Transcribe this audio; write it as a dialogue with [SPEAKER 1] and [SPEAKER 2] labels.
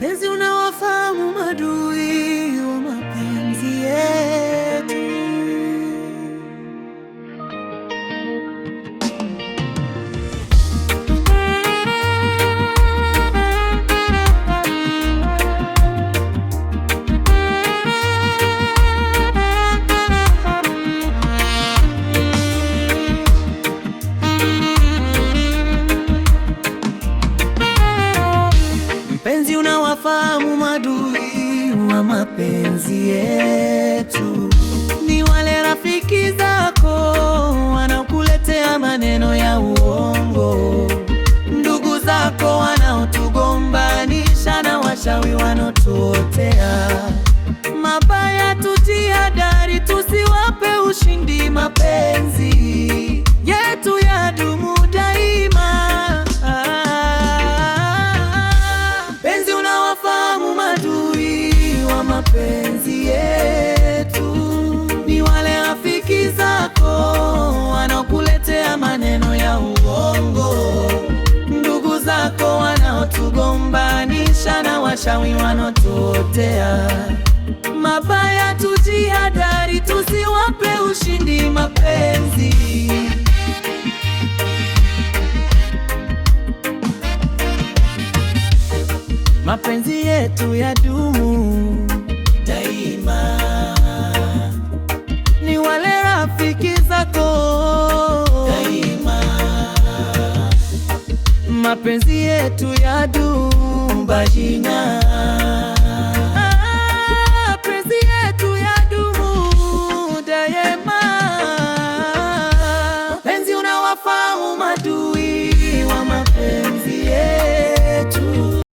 [SPEAKER 1] mpenzi, unawafahamu madui mpenzi unawafahamu madui wa mapenzi yetu, ni wale rafiki zako wanaokuletea maneno ya uongo, ndugu zako wanaotugombanisha na washawi wanaotuotea mashawi wanotuotea mabaya. Tujihadhari, tusiwape ushindi mapenzi. Mapenzi yetu ya dumu daima. Ni wale rafiki zako
[SPEAKER 2] daima.
[SPEAKER 1] Mapenzi yetu ya dumu muumba jina